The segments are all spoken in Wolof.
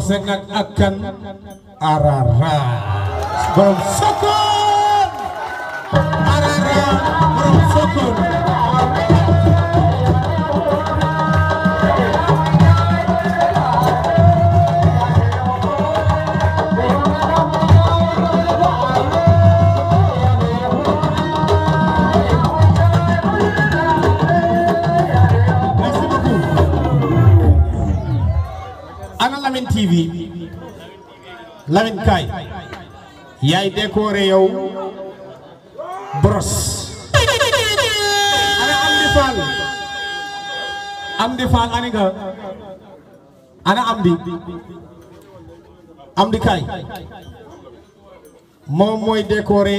sing akan arara. Sebelum ana Lamine TV Lamine kai, yaay décoré yow brosse ana Amdi Fall Amdi Fall ani nga ana Amdi Amdi kai, mom moy décoré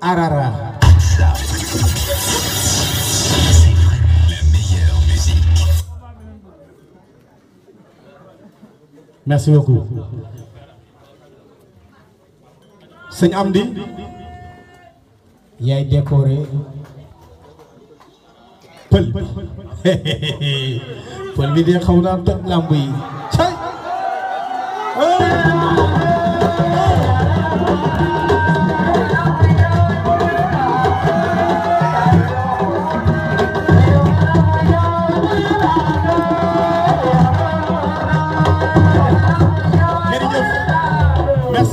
arara merci beaucoup sëñ Amdi yaay décoré pël pël bi de xaw naa làmb yi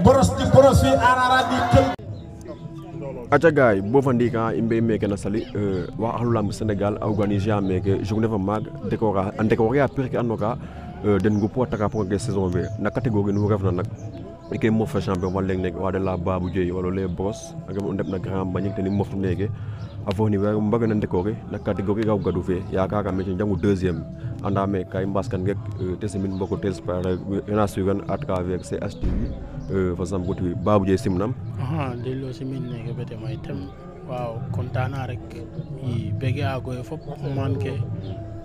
boros di gaay bofa ndiik a i mbey meke na Saly euh, wa axlu lamb Sénégal a a meke journée fa maak décora a décorer ke andona euh, den ngupu a taka ke saison fe na catégorie nu refna nak i ke mof fa champion fa leŋ neke wa de leya Babou Dieye wala o leye Brosse a ndep na Grand Mbagnick teni moftu neke afoni mbagana décorer na catégorie raw gadu fe yakarame ten jangu deuxiéme andame ka i mbaskan rek euh, te simin mboko te ena suran à travers ch tv fo sam go tv Babou Dieye simnam delo simin neke fete may tem waaw content na rek i bege agoye fop man ke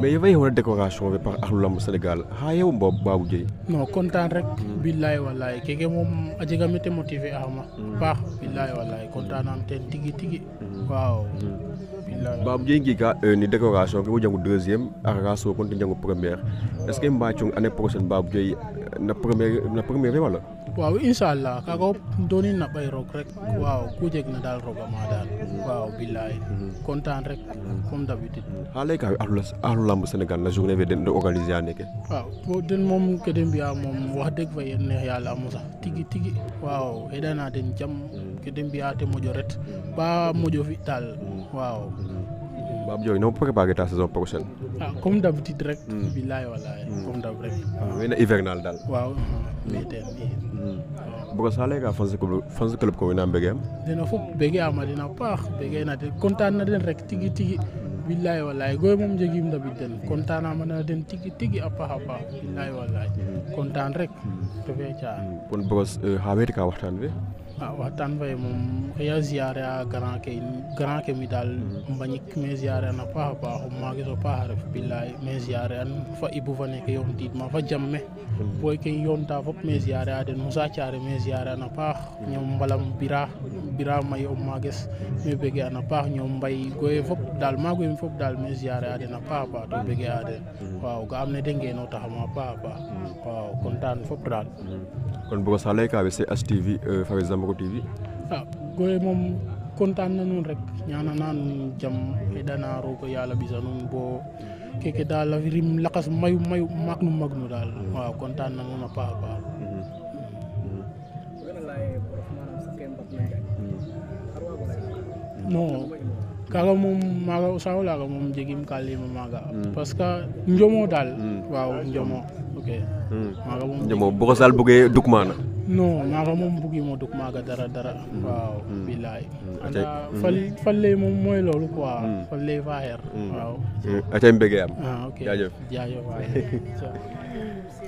mais yow ay wala décoration bi par ak lu lamb Sénégal ah yow boobu Babou Dieye. non kontaan rek. Hmm. billaay wallaay keke moom a jega mi te motivé ama baax hmm. billaay wallaay kontaan am teen tigi tigi. Hmm. waaw. Babou Dieye ngi ka euh, ni décoration ki jàngu deuxième ak ka soo jàngu première est que mbaa cung année prochaine Babou Dieye euh, na première na première wala. waaw incha allah kaaga fop doonin na ɓay roog rek waaw ku jeg na daal rooga ma daal waaw bilaay content mhm. rek mhm. comme d'habitude xa ley ka axlu lamb Sénégal na journée fe den organiser a neeke waaw den moom ke de moom wax dëgg fa yen neex yàlla a sax tigi tigi waaw xeɗana den jam mhm. ke de te moƴo ret ba moƴo fi daal waaw Pape Diop noo préparé ta saison prochaine. ah comme d'habitude rek. bilaay walaay comme d'habitude rek. waaw hivernal daal. waaw. Hmm. Brosale ka fans club fans club ko wena mbege am. dina fop bege ama dina paax bege na den kontaan na den rek tigi tigi. billahi wallahi goy moom jegim ndabid den kontaan ama na den tigi tigi a paax a paax billahi wallahi hmm. kontaan rek hmm. to fe caa kon Bross euh, xa weet waxtaan fe ah waxtaan fay moom heya a grand ke mi dal mbañik mm-hmm. me ziare an a paaxa paax maages o paax a ref bilaay me ziare fa ibu fa neeke ma mm-hmm. yoonta fop me ziare a den Moussa Thiare me ziare mm-hmm. ñoom mbalam bira may o maages me bege an a ñoom mbay goye fop dal maago yem fop dal me ziare a den a paax to bege a den waaw ga'aam ne de taxama a paax a paax waaw fop daal kon bogo sax lay ka we se STV fa we Bamako TV. ah Goye mom contane na nun rek ñaana naan jam heɗana rogo yalla bisa nun bo keke la rim lakas mayu mayu magnu magnu dal nu contane waaw kontaan na nun a paax a paax non kaga moom maaga o la laaga moom jegim kali lima maaga mm-hmm. parce que ndjomo dal mm-hmm. waaw ndjomo mm-hmm. ok maaga moom njomo boko sal buge duk maana non maaga moom buggimo dug maaga dara dara mm. waaw mm. bilaay mm. anda fal ley moom mooy loolu quoi fal ley fa xeer waaw acay mbege am ah, jaajëf jaajëf